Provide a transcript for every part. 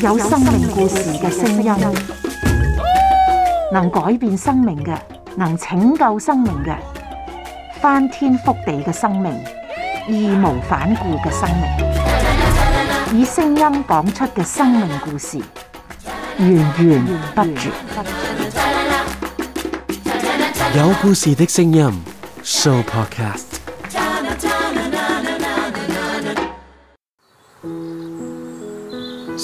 有生命故事嘅聲音，能改變生命嘅，能拯救生命嘅，翻天覆地嘅生命，義無反顧嘅生命，以聲音講出嘅生命故事，源源不絕。有故事嘅聲音，Show Podcast。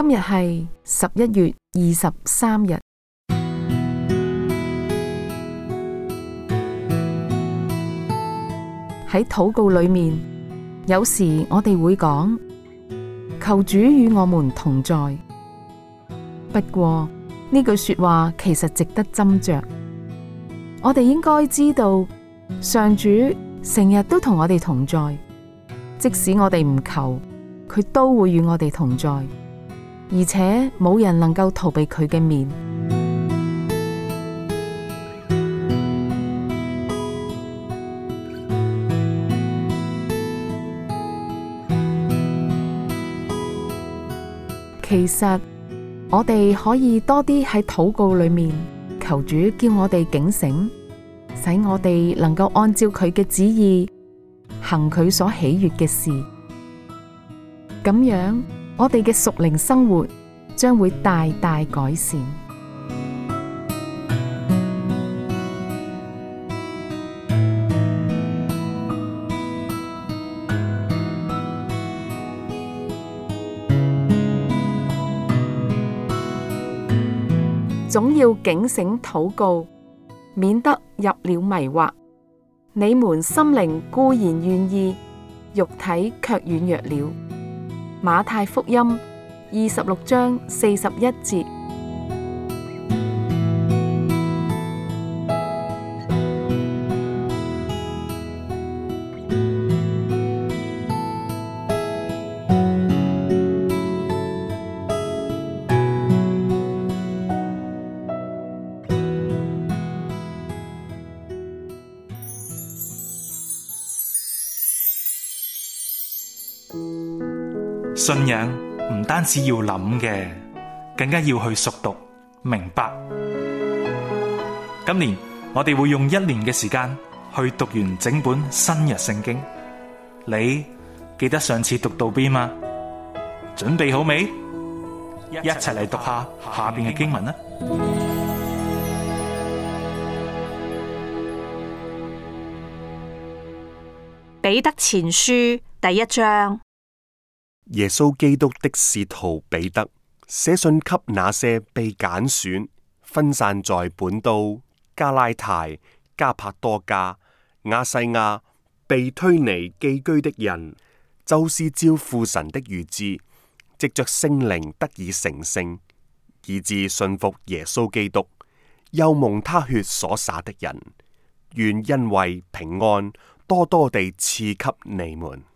今日係十一月二十三日。喺禱 告裏面，有時我哋會講，求主與我們同在。不過呢句說話其實值得斟酌。我哋應該知道，上主成日都同我哋同在，即使我哋唔求，佢都會與我哋同在。而且冇人能夠逃避佢嘅面。其實我哋可以多啲喺禱告裏面求主，叫我哋警醒，使我哋能夠按照佢嘅旨意，行佢所喜悅嘅事，咁樣。我哋嘅屬靈生活將會大大改善。總要警醒禱告，免得入了迷惑。你們心靈固然願意，肉體卻軟弱了。馬太福音二十六章四十一節。信仰唔單止要諗嘅，更加要去熟讀明白。今年我哋會用一年嘅時間去讀完整本新約聖經。你記得上次讀到邊嗎？準備好未？一齊嚟讀下下邊嘅經文啦！彼得前書第一章。耶穌基督的使徒彼得寫信給那些被揀選、分散在本都、加拉太、加帕多家、亞細亞、庇推尼寄居的人，就是照父神的預知，藉着聖靈得以成聖，以致信服耶穌基督，又蒙他血所灑的人，願恩惠平安多多地賜給你們。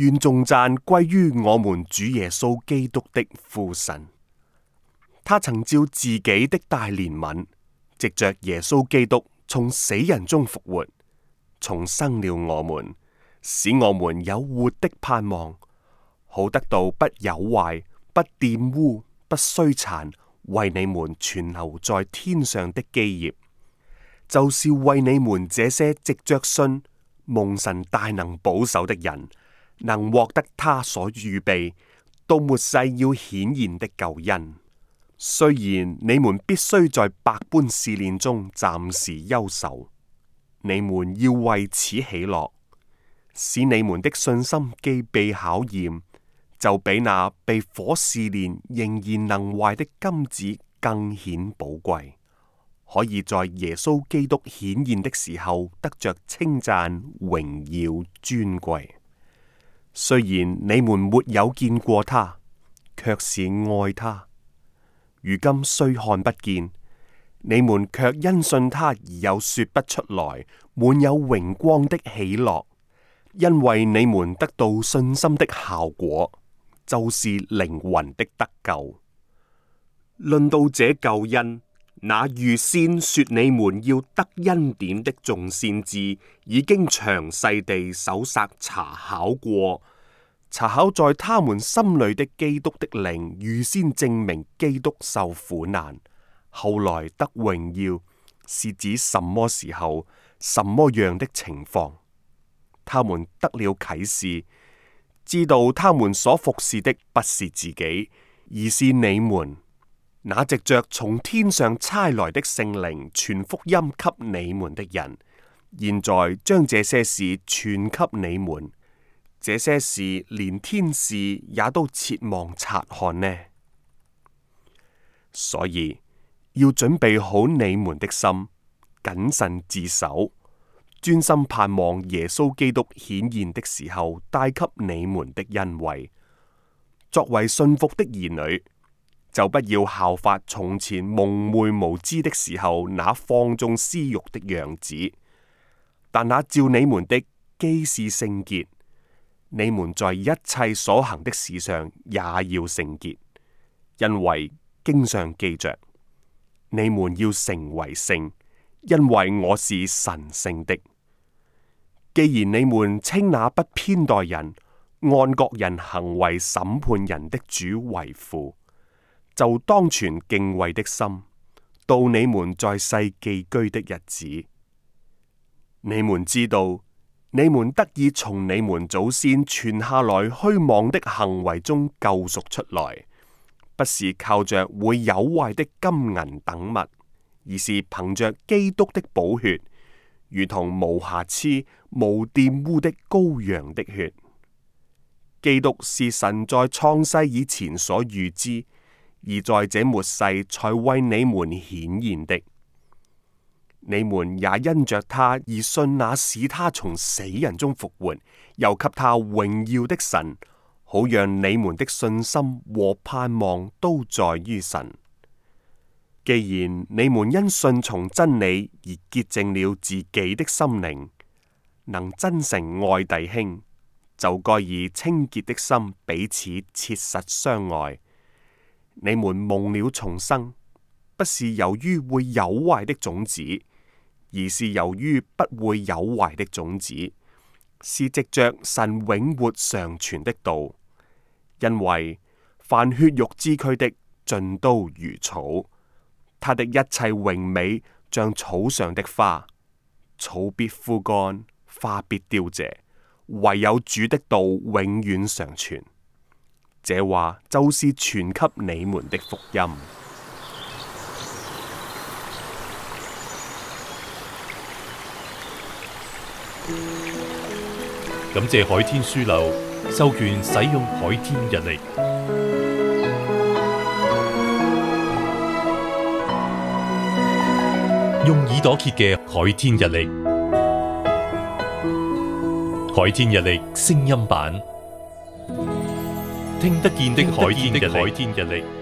願頌讚歸於我們主耶穌基督的父神。他曾照自己的大憐憫，藉着耶穌基督從死人中復活，重生了我們，使我們有活的盼望，好得到不朽壞、不玷污、不衰殘，為你們存留在天上的基業，就是為你們這些藉着信蒙神大能保守的人。能獲得他所預備到末世要顯現的救恩。雖然你們必須在百般試煉中暫時憂愁，你們要為此喜樂，使你們的信心既被考驗，就比那被火試煉仍然能壞的金子更顯寶貴，可以在耶穌基督顯現的時候得着稱讚、榮耀、尊貴。雖然你們沒有見過他，卻是愛他。如今雖看不見，你們卻因信他而有說不出來、滿有榮光的喜樂，因為你們得到信心的效果，就是靈魂的得救。論到這救恩。那預先說你們要得恩典的眾先知，已經詳細地搜索查考過，查考在他們心裏的基督的靈，預先證明基督受苦難，後來得榮耀，是指什麼時候、什麼樣的情況？他們得了啟示，知道他們所服侍的不是自己，而是你們。那藉着從天上差來的聖靈傳福音給你們的人，現在將這些事傳給你們，這些事連天使也都切望察看呢。所以要準備好你們的心，謹慎自守，專心盼望耶穌基督顯現的時候帶給你們的恩惠，作為信服的兒女。就不要效法從前蒙昧無知的時候那放縱私慾的樣子。但那照你們的既是聖潔，你們在一切所行的事上也要聖潔，因為經上記着你們要成為聖，因為我是神聖的。既然你們稱那不偏待人、按各人行為審判人的主為父。就當存敬畏的心，到你們在世寄居的日子，你們知道，你們得以從你們祖先傳下來虛妄的行為中救贖出來，不是靠着會有壞的金銀等物，而是憑着基督的寶血，如同無瑕疵、無玷污的羔羊的血。基督是神在創世以前所預知。而在這末世才為你們顯現的，你們也因着他而信那使他從死人中復活、又給他榮耀的神，好讓你們的信心和盼望都在於神。既然你們因信從真理而潔淨了自己的心靈，能真誠愛弟兄，就該以清潔的心彼此切實相愛。你們蒙了重生，不是由於會朽壞的種子，而是由於不會朽壞的種子，是藉着神永活常存的道。因為凡血肉之軀的，盡都如草，他的一切榮美像草上的花，草必枯乾，花必凋謝，唯有主的道永遠常存。這話就是傳給你們的福音。感謝海天書樓授權使用海天日曆，用耳朵揭嘅海天日曆，海天日曆聲音版。聽得見的海天日曆。